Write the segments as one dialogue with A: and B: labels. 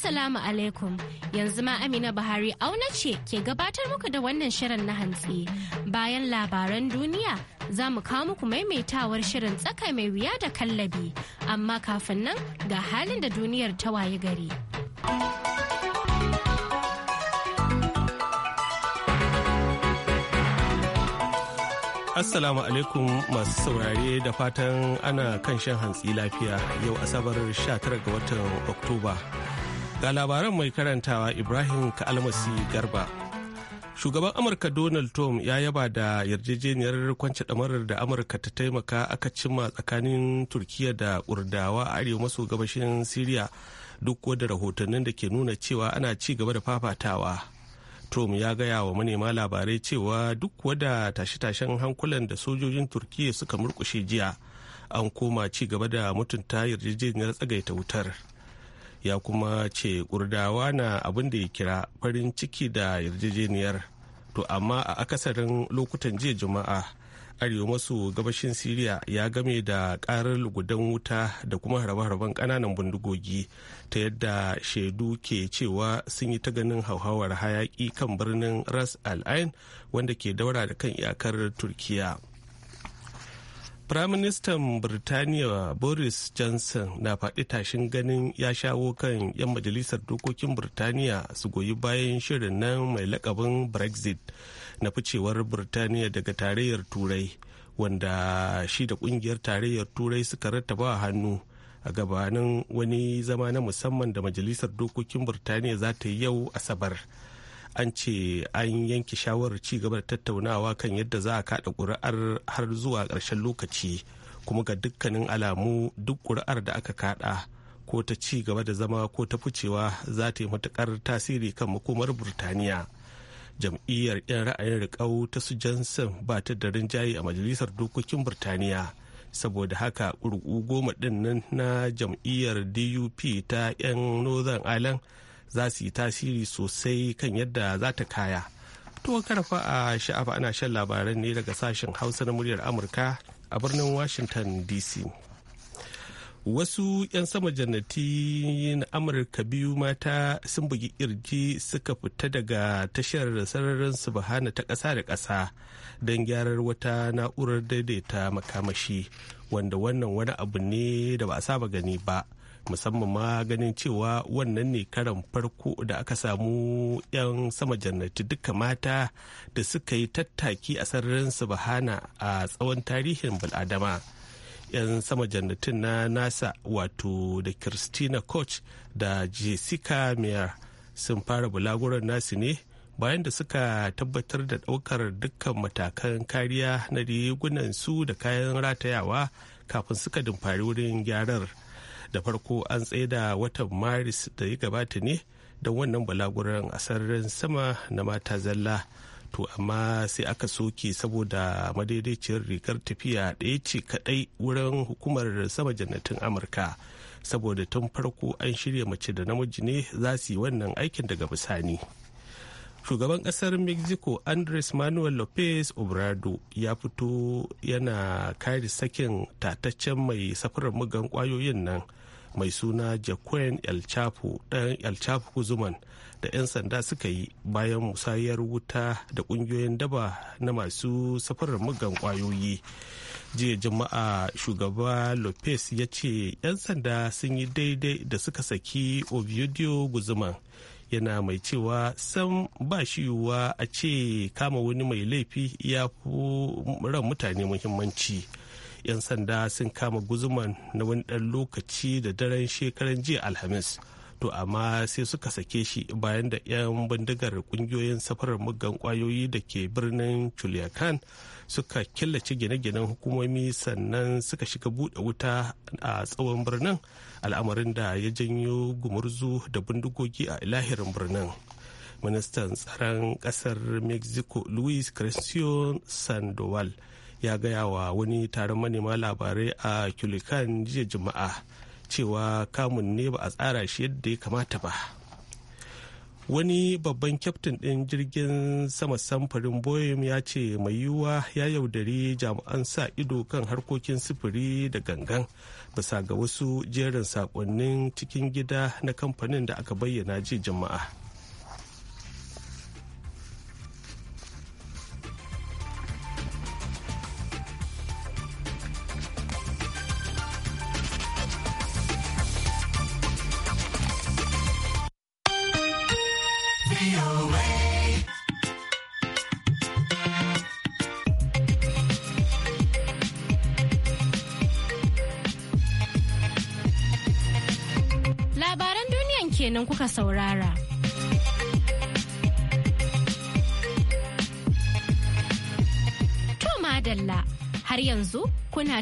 A: Assalamu alaikum yanzu ma Amina Buhari auna ce ke gabatar muku da wannan shirin na hantsi bayan labaran duniya za mu kawo muku maimaitawar shirin tsaka mai wuya da kallabi amma kafin nan ga halin da duniyar ta waye gari.
B: Assalamu alaikum masu saurare da fatan ana kan shan hantsi lafiya yau asabar 19 ga watan Oktoba. Ga labaran mai karantawa Ibrahim Kalmasi Garba. Shugaban Amurka Donald Trump ya yaba da yarjejeniyar kwance damarar da Amurka ta taimaka aka cimma tsakanin Turkiyya da Urdawa a arewa maso gabashin Siriya duk wadda rahotannin da ke nuna cewa ana ci gaba da fafatawa. Trump ya gaya wa manema labarai cewa duk wada tashe-tashen hankulan da sojojin turkiya suka murkushe jiya an koma ci gaba da mutunta yarjejeniyar tsagaita wutar. ya kuma ce kurdawa na abin da ya kira farin ciki da yarjejeniyar to amma a akasarin lokutan jiya juma'a arewa maso gabashin siriya ya game da karar lugudan wuta da kuma harbe-harben kananan bindigogi ta yadda shaidu ke cewa sun yi ta ganin hauhawar hayaki kan birnin ras al ain wanda ke daura da kan iyakar turkiyya. Firaministan Birtaniya Boris Johnson na faɗi tashin ganin ya shawo kan 'yan majalisar dokokin Birtaniya su goyi bayan shirin nan mai lakabin Brexit na ficewar Birtaniya daga tarayyar Turai wanda shi da kungiyar tarayyar Turai suka rattaba hannu a gabanin wani zama na musamman da majalisar dokokin Birtaniya za ta yi yau Asabar. an ce an yanke shawarar ci gaba da tattaunawa kan yadda za a kada ƙuri'ar har zuwa ƙarshen lokaci kuma ga dukkanin alamu duk ƙuri'ar da aka kada ko ta ci gaba da zama ko ta ficewa za ta yi matuƙar tasiri kan makomar burtaniya jam'iyyar 'yan ra'ayin riƙau ta su johnson ba ta da rinjaye a majalisar dokokin burtaniya saboda haka ƙurƙu goma ɗin nan na jam'iyyar dup ta 'yan northern ireland za su yi tasiri sosai kan yadda za ta kaya to karfa a sha'afa ana shan labaran ne daga sashen hausa na muryar amurka a birnin washington dc wasu 'yan sama jannati na amurka biyu mata sun bugi irji suka fita daga tashar sararin bahana ta ƙasa da ƙasa don gyarar wata na'urar daidaita makamashi wanda wannan wani abu ne da ba a saba gani ba musamman ma ganin cewa wannan ne karan farko da aka samu 'yan sama jannati duka mata da suka yi tattaki a sararin bahana a tsawon tarihin bal'adama- 'yan sama jannatin na nasa wato da christina koch da jessica meyer sun fara bulaguran nasu ne bayan da suka tabbatar da ɗaukar dukkan matakan kariya na rigunan su da kayan ratayawa kafin suka dumfari wurin gyarar. da farko an tsaida watan maris da ya gabata ne don wannan balaguran a sararin sama na mata zalla to amma sai aka soke saboda madaidaiciyar rigar tafiya ɗaya ce kaɗai wurin hukumar sama jannatin amurka saboda tun farko an shirya mace da namiji ne za su yi wannan aikin daga bisani shugaban kasar mexico andres manuel lopez obrado ya fito yana kare sakin tataccen mai safarar mugan kwayoyin nan mai suna jacquin el chapo dan el chapo da 'yan sanda suka yi bayan musayar wuta da kungiyoyin daba na masu safarar mugan kwayoyi jiya jama'a shugaba lopez ya ce 'yan sanda sun yi daidai da suka saki ovidio guzuman yana mai cewa sam ba shi yiwuwa a ce kama wani mai laifi ya fi ran mutane muhimmanci. 'yan sanda sun kama guzuman na wani ɗan lokaci da daren shekaran jiya alhamis to amma sai suka sake shi bayan da 'yan bindigar kungiyoyin safarar muggan kwayoyi da ke birnin chuliakan suka killace gine-ginen hukumomi sannan suka shiga buɗe wuta a tsawon birnin al'amarin da ya janyo gumurzu da bindigogi a ilahirin birnin ministan tsaron ƙasar mexico luis crescencio sandoval ya gaya wa wani taron manema labarai a kulikan jiya Juma'a cewa kamun ne ba a tsara shi yadda ya kamata ba. Wani babban kyaftin ɗin jirgin sama samfurin boyum ya ce mai yiwuwa ya yaudari jami'an sa ido kan harkokin sufuri da gangan bisa ga wasu jerin saƙonnin cikin gida na kamfanin da aka bayyana jiya jama'a.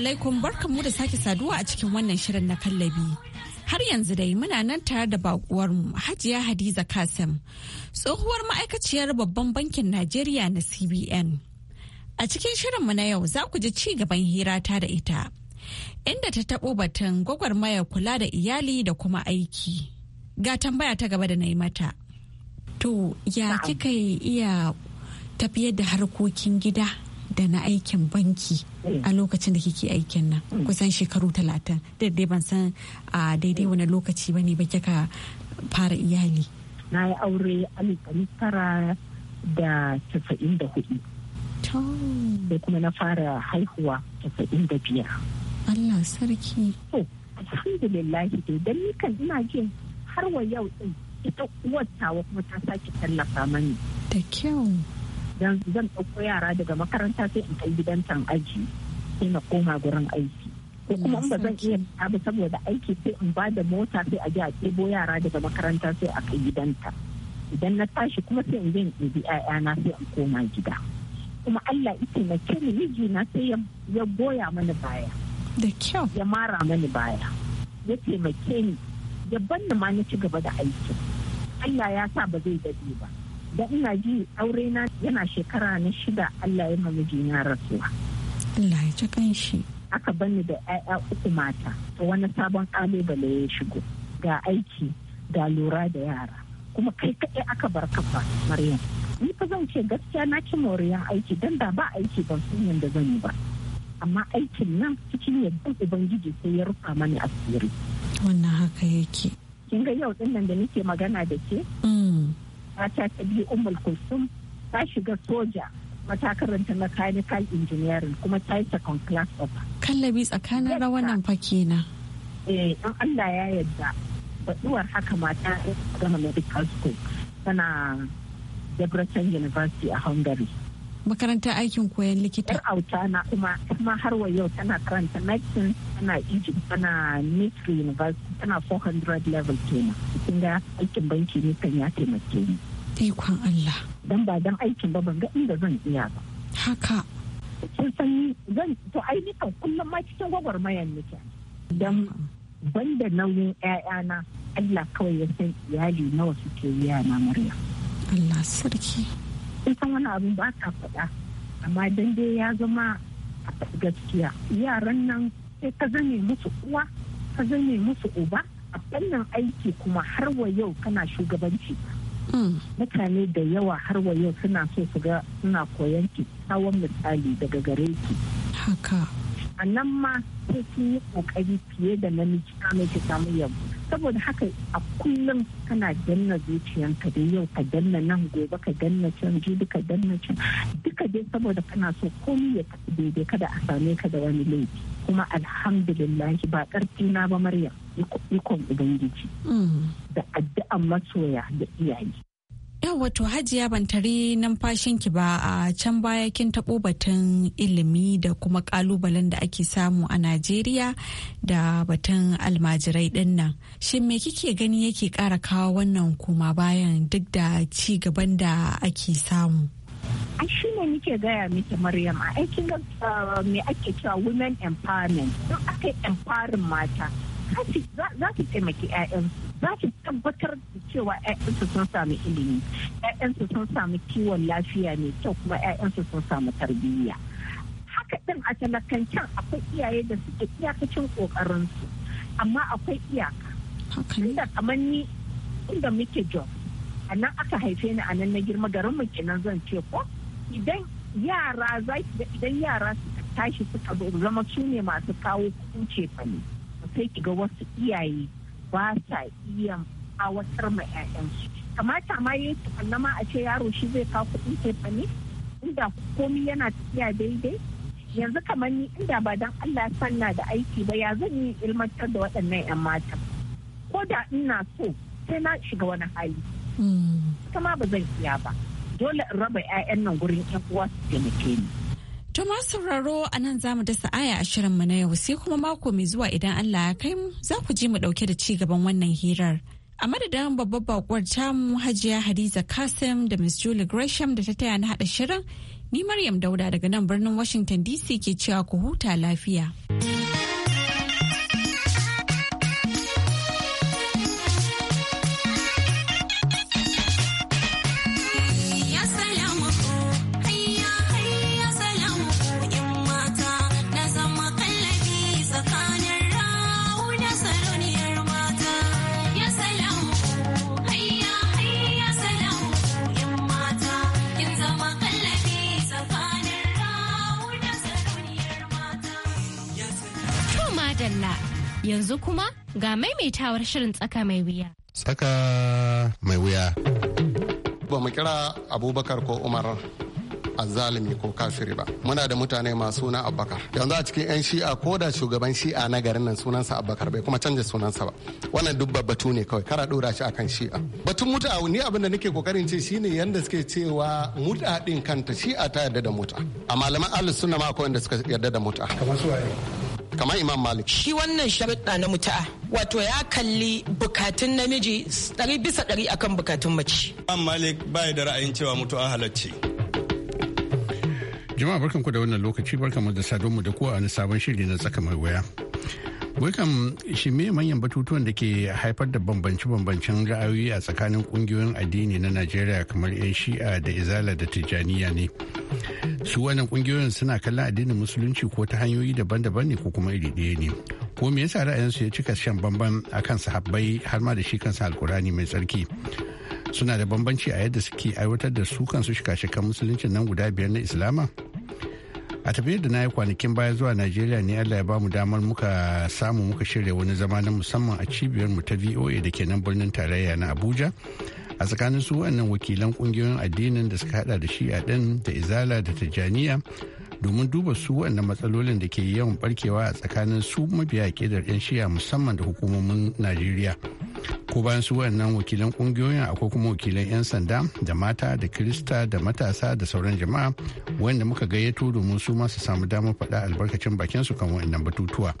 C: alaikum barkanmu da sake saduwa a cikin wannan shirin na kallabi. Har yanzu dai muna nan tare da mu Hajiya Hadiza Kasim, tsohuwar ma'aikaciyar babban bankin Najeriya na CBN. A cikin shirin mu na yau za ku ji ci gaban hira ta da ita, inda ta taɓo batun gwagwarmayar kula da iyali da kuma aiki. Ga tambaya ta gaba da na yi mata. To, ya kika iya tafiyar da harkokin gida da na aikin banki a lokacin da kike aikin nan kusan shekaru talatin daidai ban san a daidai wani lokaci ba ne ba kika fara iyali
D: na yi aure alif tara da casa'in da hudu da kuma na fara haihuwa casa'in da biyar Allah sarki alhamdulillah dai don nikan ina jin har wa yau din ita uwar tawa kuma ta sake tallafa mani da kyau zan ɗauko yara daga makaranta sai in kai gidan can aji sai na koma gurin aiki
C: ko kuma in ba zan iya
D: ta ba saboda aiki sai in ba da mota sai a je a ɗebo yara daga makaranta sai a kai gidanta idan na tashi kuma sai in je in ɗebi 'ya'yana sai in koma gida kuma Allah ya taimake ni mijina sai ya goya mani baya da kyau ya mara mani baya ya taimake ni ya banna ma na ci gaba da aiki Allah ya sa ba zai dade ba da ina ji aure na yana shekara na shida Allah ya mamaji na rasuwa. Allah ya kan shi. Aka bani da 'ya'ya uku mata, to wani sabon kalubale ya shigo ga aiki da lura da yara. Kuma kai kaɗai aka bar kafa Maryam. Ni fa zan ce gaskiya na ci moriyan aiki don da ba aiki ban san yadda zan yi ba. Amma aikin nan cikin yadda Ubangiji sai ya rufa mani asiri. Wannan haka yake. Kin ga yau ɗinnan da nake magana da ke? Mm. mata ta biyu umar kulsum ta shiga soja matakaranta mechanical engineering kuma ta yi second class of kallabi tsakanin rawanan fa kenan eh an Allah ya yarda baduwar haka mata gama medical school tana Debrecen University a Hungary makarantar aikin koyon likita. Yar auta na kuma kuma har wa yau tana karanta medicine tana Egypt tana nitri University tana 400 level kenan. Kin aikin banki ne kan ya taimake ni. Ikon Allah. Dan ba dan aikin ba ban ga inda zan iya ba. Haka. Kin san zan to ai kan kullum ma cikin gwagwarmayar nake. Dan banda nauyin na Allah kawai ya san iyali nawa suke na murya. Allah sarki. Kin san wani abin ba ta faɗa amma dan dai ya zama gaskiya yaran nan sai ka zame musu uwa ka zame musu uba a fannin aiki kuma har wa yau kana shugabanci mutane da yawa har wa yau suna so su ga suna koyan ki tsawon misali daga gare ki haka a nan ma sai sun yi kokari fiye da namiji kamar ki samu yabo saboda haka a kullum kana danna zuciyanka da yau ka danna nan gobe ka danna can jibi ka danna can duka dai saboda kana so komai ya tafi daidai kada a same ka da wani laifi kuma alhamdulillah ba karfi na ba maryam ikon ubangiji mm. da addu'an masoya da iyaye
C: yau wato hajiya ban tare ki ba a can baya kin taɓo batun ilimi da kuma ƙalubalen da ake samu a najeriya da batun almajirai ɗin nan shin me kike gani yake ƙara kawo wannan kuma bayan duk
D: da ci gaban da ake samu a shi ne nike gaya miki maryam a aikin ah, me ake cewa women empowerment don aka yi mata za su taimaki ƴaƴansu za su tabbatar da cewa 'ya'yansu sun sami ilimi 'ya'yansu sun sami kiwon lafiya mai kyau kuma ƴaƴansu sun samu tarbiyya haka din a talakancin akwai iyaye da suke iyakacin su amma akwai iyaka inda kamar ni inda muke job a nan aka haife ni a nan na girma garin mu kenan zan ce ko idan yara za idan yara suka tashi suka zama su ne masu kawo kuɗin cefane sai ki ga wasu iyaye ba sa iya awatar ma 'ya'yansu kamata ma yi tukunna ma a ce yaro shi zai kawo kuɗin tefa ne inda komi yana tafiya daidai yanzu kamar ni inda ba dan Allah sanna da aiki ba ya zan yi ilmantar da waɗannan 'yan mata ko da ina so sai na shiga wani hali kuma hmm. ba zan iya ba dole in raba 'ya'yan nan gurin 'yan uwa su taimake ni
C: To sauraro a nan za mu dasa aya a shirin mu na yau sai kuma mako mai zuwa idan Allah ya kai mu za ku ji mu ɗauke da ci gaban wannan hirar. A madadin babbar bakuwar tamu Hajiya Hadiza Kasim da Miss Julie Gresham da ta taya na haɗa shirin, ni Maryam Dauda daga nan birnin Washington DC ke cewa ku huta lafiya.
A: Yanzu kuma ga maimaitawar shirin tsaka mai wuya.
E: Tsaka mai wuya.
F: Ba mu kira Abubakar ko Umar azalimi ko kafiri ba muna da mutane masu suna abubakar yanzu a cikin yan shi'a ko da shugaban shi'a na garin nan sunansa abubakar bai kuma canja sunansa ba wannan duk batu ne kawai kara dora shi akan shi'a batun muta ni abin da nake kokarin ce shine yanda suke cewa muta din kanta shi'a ta yarda da muta a malaman Ali suna ma akwai wanda suka yarda da muta
G: kamar su kamar imam malik shi wannan sharuɗa na mutu'a wato ya kalli bukatun namiji ɗari bisa ɗari akan bukatun mace imam
H: malik bai da ra'ayin cewa an halacci jama'a barkanku da wannan
E: lokaci barkanmu da sadonmu da kowa na sabon shiri na tsaka mai waya Wikan shi me manyan batutuwan da ke haifar da bambance-bambancen ra'ayoyi a tsakanin kungiyoyin addini na Najeriya kamar 'yan shi'a da izala da tijaniya ne. Su wannan kungiyoyin suna kallon addinin musulunci ko ta hanyoyi daban-daban ne ko kuma iri ɗaya ne. Ko me yasa ra'ayinsu ya cika shan bamban kan sahabbai har ma da shi kansa alkurani mai tsarki. Suna da bambanci a yadda suke aiwatar da su kansu shika-shikan musuluncin nan guda biyar na Islama? a tafiyar da na yi kwanakin baya zuwa najeriya ne allah ya ba mu damar muka samu muka shirya wani zama na musamman a cibiyar mu ta voa da ke nan birnin tarayya na abuja a tsakanin su wannan wakilan kungiyoyin addinin da suka hada da shi a din da izala da tijaniya domin duba su wannan matsalolin da ke yawan barkewa a tsakanin su mabiya kedar 'yan shi'a musamman da hukumomin najeriya ko bayan su wayannan wakilan kungiyoyin akwai kuma wakilan 'yan sanda da mata da kirista da matasa da sauran jama'a wanda muka gayyato domin su ma su samu damar faɗa albarkacin bakin su kan wayannan batutuwa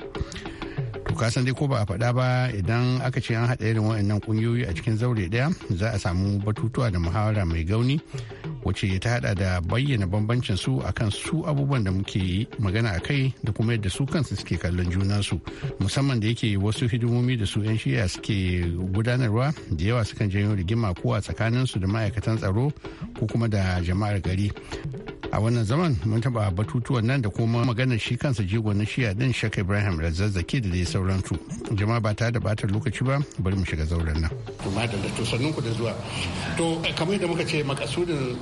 E: to ka san dai ko ba a faɗa ba idan aka ce an haɗa irin wayannan kungiyoyi a cikin zaure ɗaya za a samu batutuwa da muhawara mai gauni wacce ta hada da bayyana bambancin su akan su abubuwan da muke magana a kai da kuma yadda su kansu suke kallon su musamman da yake wasu hidimomi da su 'yan shiya suke gudanarwa da yawa sukan janyo rigima ko a su da ma'aikatan tsaro ko kuma da jama'ar gari a wannan zaman mun taba batutuwan nan da kuma magana shi kansa jigon na shiya din shaka ibrahim da razzazzaki da dai sauransu jama'a ba ta da bata lokaci ba bari mu shiga zauren nan to madalla to sannun ku da zuwa to eh, kamar da muka ce makasudin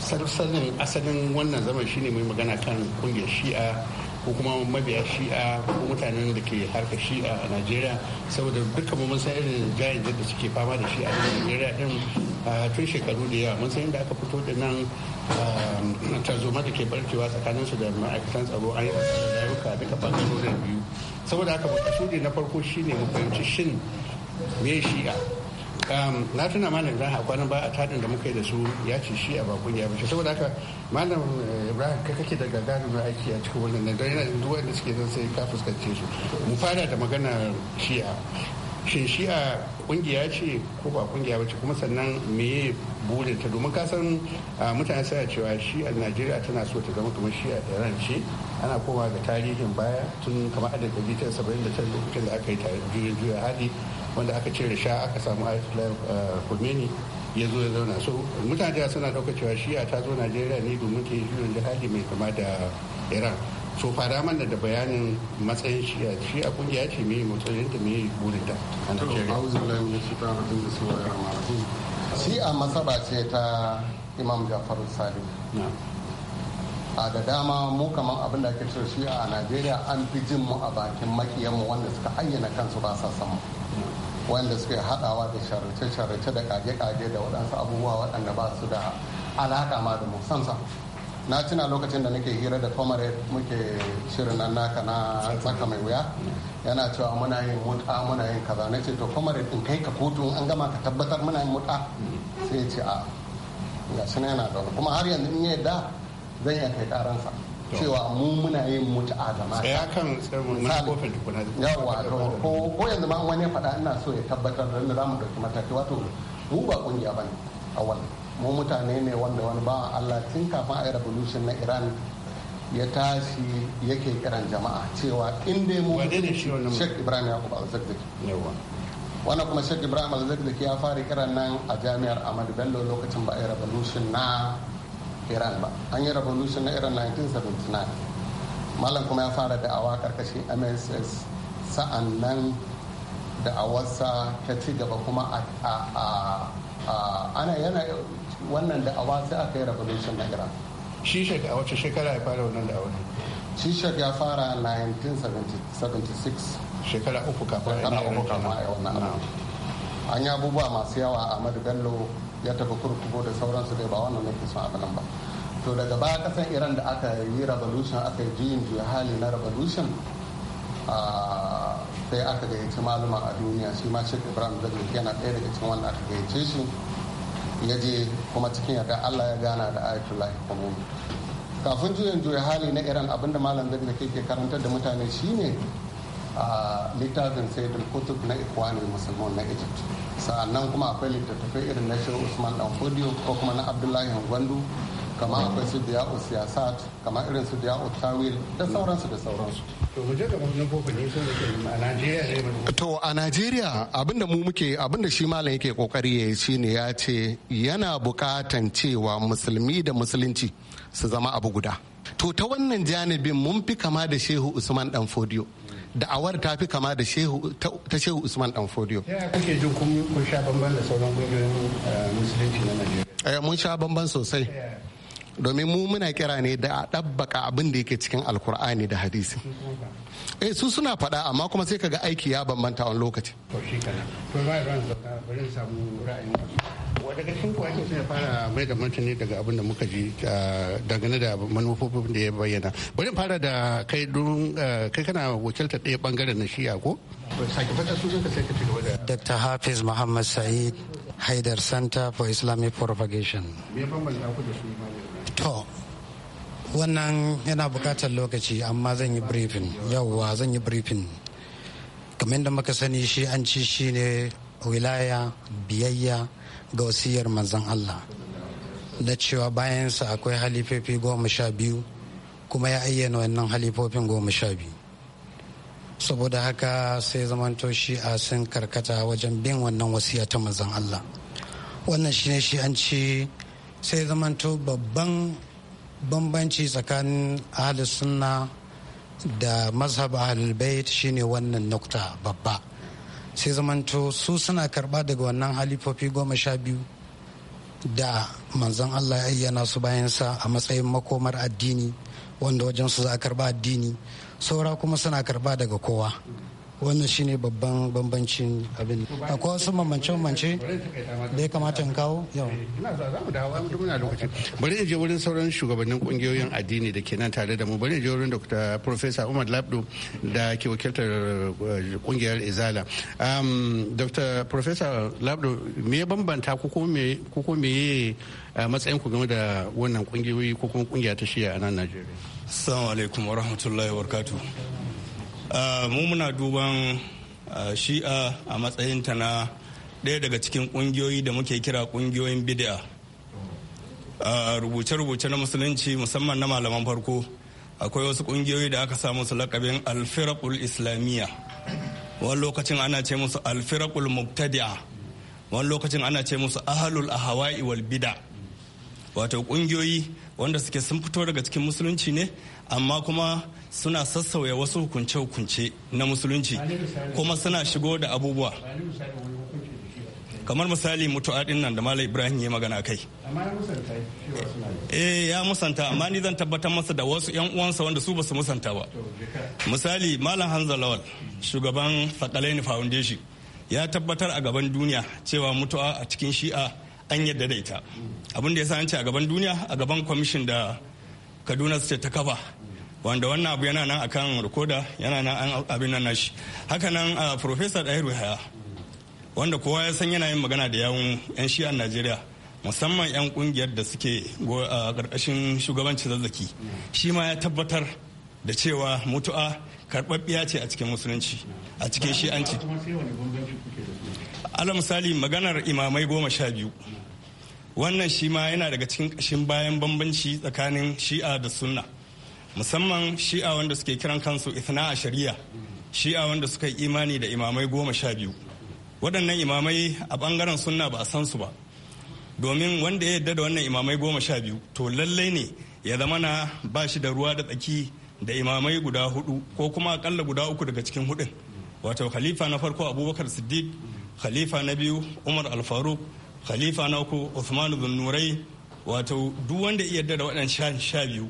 E: sarsanin asalin wannan zaman shine mai magana kan kungiyar shi'a ko kuma mabiya shi'a ko mutanen da ke harka shi'a a najeriya saboda dukkan mun san irin jayin da suke fama da shi'a a najeriya din tun shekaru da yawa mun san da aka fito da nan ah, tarzoma da ke barkewa tsakanin su da ma'aikatan tsaro an yi rayuka duka bangarorin biyu saboda haka makasudi na farko shine mu fahimci shin me shi'a na tuna malam ibrahim a kwanan ba a tadin da muka yi da su ya ce shi a bakun ya bace saboda haka malam ibrahim ka kake da gagarin aiki a cikin wannan nan don yana duk wanda suke zan sai ka fuskance su mu fara da magana shi'a shin shi a kungiya ce ko ba kungiya ba ce kuma sannan meye bude ta domin kasan mutane suna cewa shi a najeriya tana so ta zama kamar shi a iran ce ana koma ga tarihin baya tun kamar adadin ɗari ta saba'in da tara lokacin da aka yi juyin juya hali wanda aka cire sha aka samu ayatollah khomeini ya zo ya zauna so mutane suna ɗaukar cewa shi ta zo najeriya ne domin ta yi juyin hali mai kama da iran so fara mana da bayanin matsayin shi a shi a kungiya ce mai matsayin ta mai burin ta a shi a masaba
F: ce ta imam jafaru salim a da dama mu kamar abin da ake so shi a najeriya an fi jin mu a bakin makiyanmu wanda suka ayyana kansu ba sa san mu wanda yi haɗawa da sharace-sharace da kage-kage da waɗansu abubuwa waɗanda ba su da alaƙa ma da mu na tuna lokacin da nake hira da comrade muke shirin nan naka na tsaka mai wuya yana cewa muna yin mut'a muna yin kaza na ce to comrade in kai ka kotu an gama ka tabbatar muna yin mut'a sai ce a ga shi yana da kuma har yanzu in yadda zan iya kai karansa cewa mu muna yin mutu'a da mata tsaya kan na kofin tukuna yawa to ko yanzu ma wani faɗa ina so ya tabbatar da za mu ɗauki mataki wato mu ba kungiya bane a wannan mu mutane ne wanda wani ba allah tun kafin a yi revolution na iran ya tashi yake kiran jama'a cewa in dai mu sheikh ibrahim yakub al-zakzaki wannan kuma sheikh ibrahim al-zakzaki ya fara kiran nan a jami'ar ahmadu bello lokacin ba a yi revolution na iran ba an yi revolution na iran 1979 malam kuma ya fara da'awa karkashin mss sa'an nan awarsa ta ci gaba kuma a ana yana wannan da'awa sai aka yi revolution na iran shishak a wace shekara ya fara wannan da'awa shishak ya fara 1976 shekara uku kafin shekara uku a wannan abu an yi abubuwa masu yawa a madu bello ya tafi kurkuku da sauransu dai ba wannan nake son abin ba to daga baya kasan iran da aka yi revolution aka yi juyin juya hali na revolution sai aka gayyaci maluma a duniya shi ma shek ibrahim zai yana ɗaya daga cikin wanda aka gayyace shi ya je kuma cikin yarda allah ya gana da lahi khomeini kafin juyin juya hali na iran abinda malam zai da ke karantar da mutane shine a littafin sayyidul kutub na ikwani musulman na egypt sa'annan kuma akwai littattafai irin na shi usman dan ko kuma na abdullahi gwandu kamar akwai su da ya'u kamar irin su da ya'u
E: tawil da sauransu da sauransu
F: to a najeriya abinda mu muke abinda shi malam yake kokari ya yi ne ya ce yana bukatan cewa musulmi da musulunci su zama abu guda to ta wannan janibin mun fi kama da shehu usman dan fodiyo awar ta fi kama da shehu ta shehu usman dan fodiyo
E: ya kake jin kun sha bamban da sauran kungiyoyin eh, musulunci na najeriya
F: eh, mun sha bamban sosai domin mu muna kira ne da a ɗabbaka abin da yake cikin alkur'ani da hadisi eh su suna faɗa amma kuma sai kaga aiki ya bambanta wani lokaci
E: daga cikin kuwa ake suna fara mai da martani daga abin da muka ji ah, dangane da manufofin da ya bayyana bari fara da kai don ah, kai kana wakiltar ɗaya bangaren na shiya ko sake faɗa su zaka sai ka ci gaba
I: dr hafiz muhammad sa'id haidar center for islamic propagation
E: me bambanta ku da su
I: to wannan yana bukatar lokaci amma zan yi briefin yauwa zan yi briefin kamar da muka sani shi an ci shi ne wilaya biyayya ga wasiyar manzan Allah Na cewa bayansa akwai halifofi goma sha biyu kuma ya ayyana wannan halifofin goma sha biyu saboda haka sai zamanto shi a sun karkata wajen bin wannan wasiya ta manzan Allah wannan shi ne shi an ci sai zamanto babban bambanci tsakanin ahlus sunna da mazhab ahlul shine wannan nukta babba sai zamanto su suna karba daga wannan halifofi goma sha biyu da manzon Allah ya ayyana su bayansa a matsayin makomar addini wanda wajen su za a karba addini saura kuma suna karba daga kowa wannan shine babban bambancin abin akwai wasu mamance-mamance da ya kamata in kawo yau
E: bari in je wurin sauran shugabannin kungiyoyin addini da ke nan tare da mu bari in je wurin dr professor umar labdo da ke wakiltar kungiyar eh, izala um, dr professor labdo me ya bambanta ko ko me
H: eh, matsayin ku game da wannan kungiyoyi ko kuma kungiya ta shiya a nan najeriya assalamu alaikum wa rahmatullahi wa Ah, mu muna duban ah, shi'a a matsayinta na ɗaya daga cikin ƙungiyoyi da muke kira ƙungiyoyin bid'a ah, rubuce-rubuce na musulunci musamman na malaman farko akwai wasu ƙungiyoyi da aka sa musu lakabin alfirakul islamiyya wani lokacin ana ce musu alfirakul mubtadi'a wani lokacin ana ce musu ahalul ahawa'i wal bid'a wato ƙungiyoyi wanda suke sun fito daga cikin musulunci ne amma kuma suna sassauya wasu hukunce-hukunce na musulunci kuma suna shigo da abubuwa kamar misali mutu'adin nan da malam ibrahim ya magana kai eh ya musanta amma ni zan tabbatar masa da wasu yan uwansa wanda su basu musanta ba misali malam hanza lawal shugaban Fadalaini foundation ya tabbatar a gaban duniya cewa mutuwa a cikin shi'a an yadda da ita abin da ya sa a gaban duniya a gaban kwamishin da kaduna state ta kafa wanda wannan abu yana nan akan rikoda yana nan abin nan nashi haka nan a professor ɗahiru wanda kowa ya san yana yin magana da yawun 'yan shi'an najeriya musamman 'yan kungiyar da suke a ƙarƙashin shugabancin zazzaki shi ma ya tabbatar da cewa mutu'a karɓaɓɓiya ce a cikin musulunci a cikin shi shi'anci ala misali maganar imamai goma sha biyu wannan shi ma yana daga cikin kashin bayan bambanci tsakanin shi'a da sunna musamman shi'a wanda suke kiran kansu ithna a shari'a shi'a wanda suka yi imani da imamai goma sha biyu waɗannan imamai a ɓangaren sunna ba a san su ba domin wanda ya yarda da wannan imamai goma sha biyu to lallai ne ya zama na ba shi da ruwa da tsaki da imamai guda hudu ko kuma akalla guda uku daga cikin hudun wato khalifa na farko abubakar siddiq khalifa na biyu umar alfaruk khalifa na uku usman bin wato duk wanda iya da waɗannan sha biyu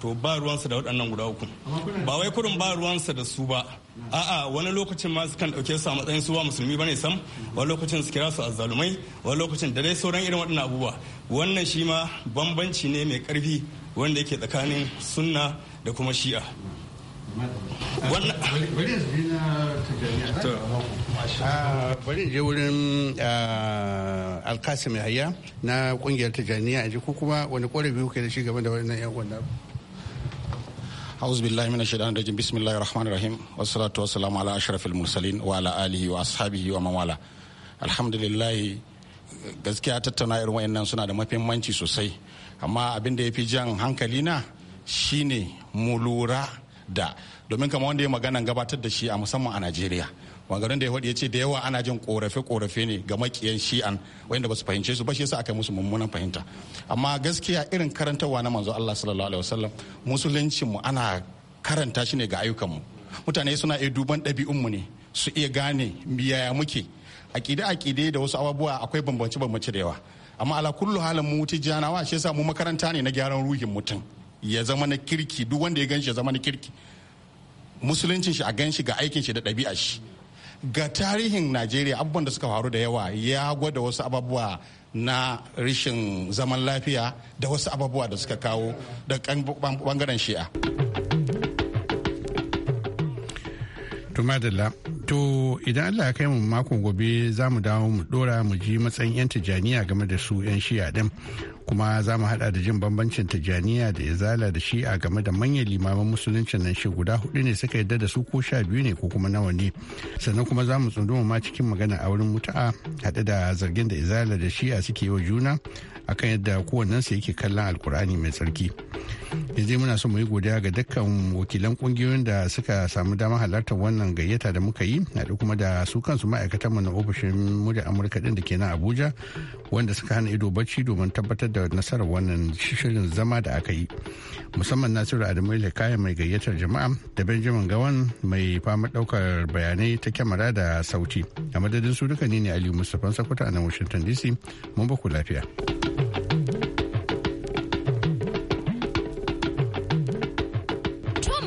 H: to ba ruwansa da waɗannan guda uku ba wai kurin ba ruwansa da su ba a'a wani lokacin ma kan ɗauke su a matsayin su ba musulmi bane sam wani lokacin su kira su azzalumai wani lokacin da dai sauran irin waɗannan abubuwa wannan shi ma bambanci ne mai ƙarfi wanda yake tsakanin sunna da kuma shi'a
E: ah, bari je wurin ah, alkasim yahaya na kungiyar tijaniya ji ko kuma wani korafi kuke da shi game da wannan yan wannan
G: أعوذ بالله من الشيطان الرجيم بسم الله الرحمن الرحيم ala والسلام على أشرف المرسلين وعلى آله وأصحابه ومن والاه الحمد لله gaskiya tattauna irin wayannan suna da mahimmanci sosai amma abin da ya fi jan hankalina shine mu lura da domin kama wanda ya magana gabatar da shi a musamman a najeriya wangarin da ya faɗi ya ce da yawa ana jin korafe korafe ne ga makiyan shi'an wanda ba su fahimce su ba shi yasa aka musu mummunan fahimta amma gaskiya irin karantarwa na manzo Allah sallallahu alaihi wasallam musulunci mu ana karanta shi ne ga ayyukanmu mutane suna iya duban ɗabi'unmu ne su iya gane yaya muke aƙide aƙide da wasu abubuwa akwai bambance bambance da yawa amma ala kullu halin mu tijjanawa shi yasa mu makaranta ne na gyaran ruhin mutum ya zama na kirki duk wanda ya gan shi ya zama na kirki musuluncin shi a gan shi ga aikin shi da ɗabi'a shi ga tarihin najeriya abubuwan da suka faru da yawa ya gwada wasu ababuwa na rashin zaman lafiya da wasu ababuwa da suka kawo da bangaren shi'a
E: tumadala to idan allah ya kai mu mako gobe za mu dawo mu dora mu ji matsayin 'yan tijjaniya game da su 'yan shi'a din kuma za mu hada da jin bambancin tijjaniya da izala da shi'a game da manyan limaman musuluncin nan shi guda hudu ne suka yadda da su ko sha biyu ne ko kuma nawa ne sannan kuma za mu tsunduma ma cikin magana a wurin mutu'a hade da zargin da izala da shi'a suke yi wa juna akan yadda su yake kallon alkur'ani mai tsarki yanzu muna so mu yi godiya ga dukkan wakilan kungiyoyin da suka samu damar halartar wannan gayyata da muka yi da kuma da su kansu ma'aikatan mu na ofishin mu da amurka din da ke nan abuja wanda suka hana ido bacci domin tabbatar da da nasarar wannan shirin zama da aka yi musamman nasiru adamu kaya mai gayyatar jama'a da benjamin gawan mai fama daukar bayanai ta kyamara da sauti a madadin su duka ne ne aliyu mustapha sakuta a nan washington dc mun baku lafiya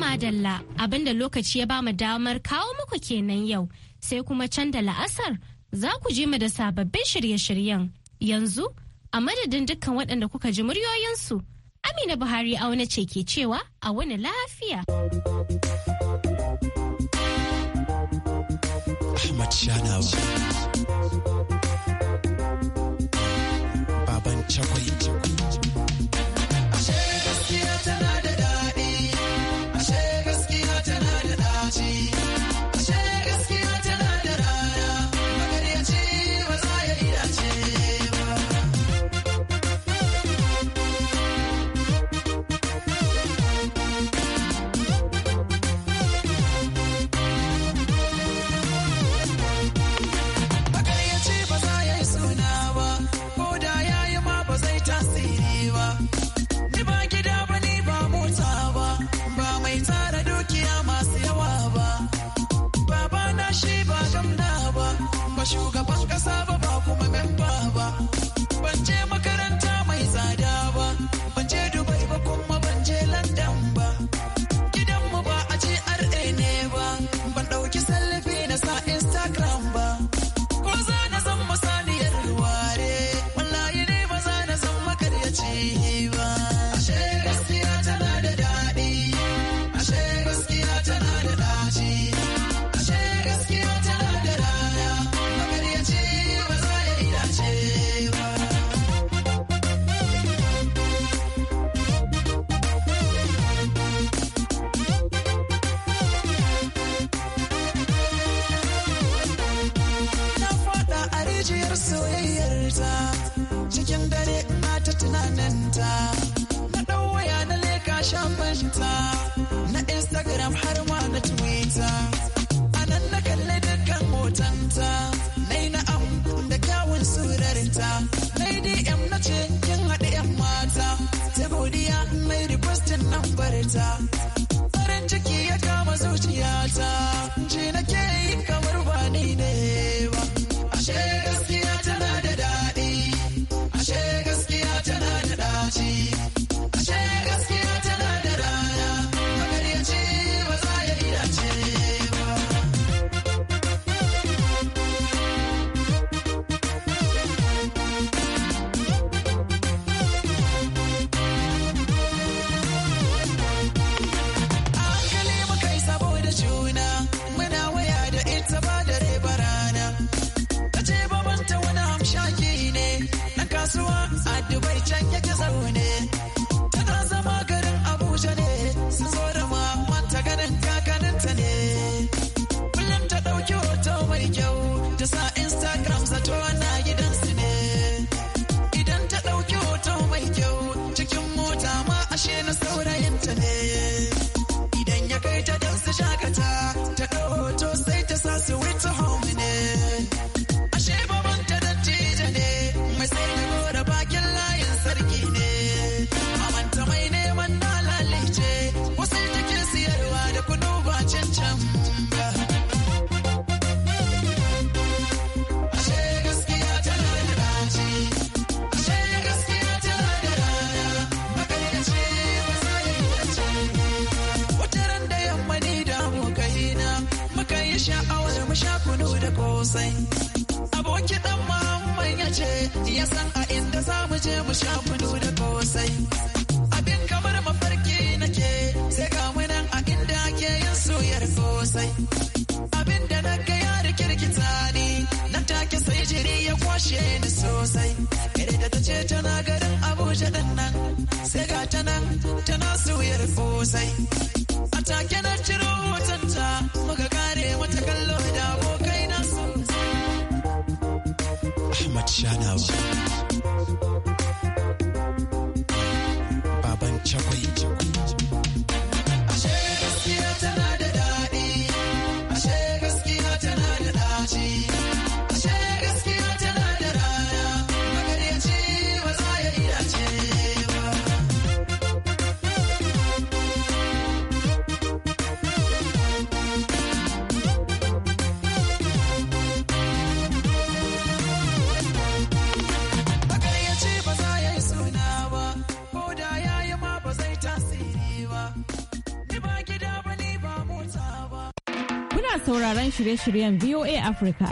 A: madalla abinda lokaci ya bamu damar kawo muku kenan yau sai kuma can da la'asar za ku je mu da sababbin shirye-shiryen yanzu a madadin dukkan waɗanda kuka ji muryoyinsu amina buhari auna ce ke cewa a wani lafiya
J: Baban Chakwai zuciyata ji ke je mu sha kunu da kosai abin kamar mafarki nake sai ga nan a inda ake yin soyar kosai abin da na ga ya rikirkita ni na take sai jiri ya kwashe ni sosai kare da ta ce tana garin abuja din nan sai ga ta nan tana soyar kosai
C: shirye-shiryen VOA Africa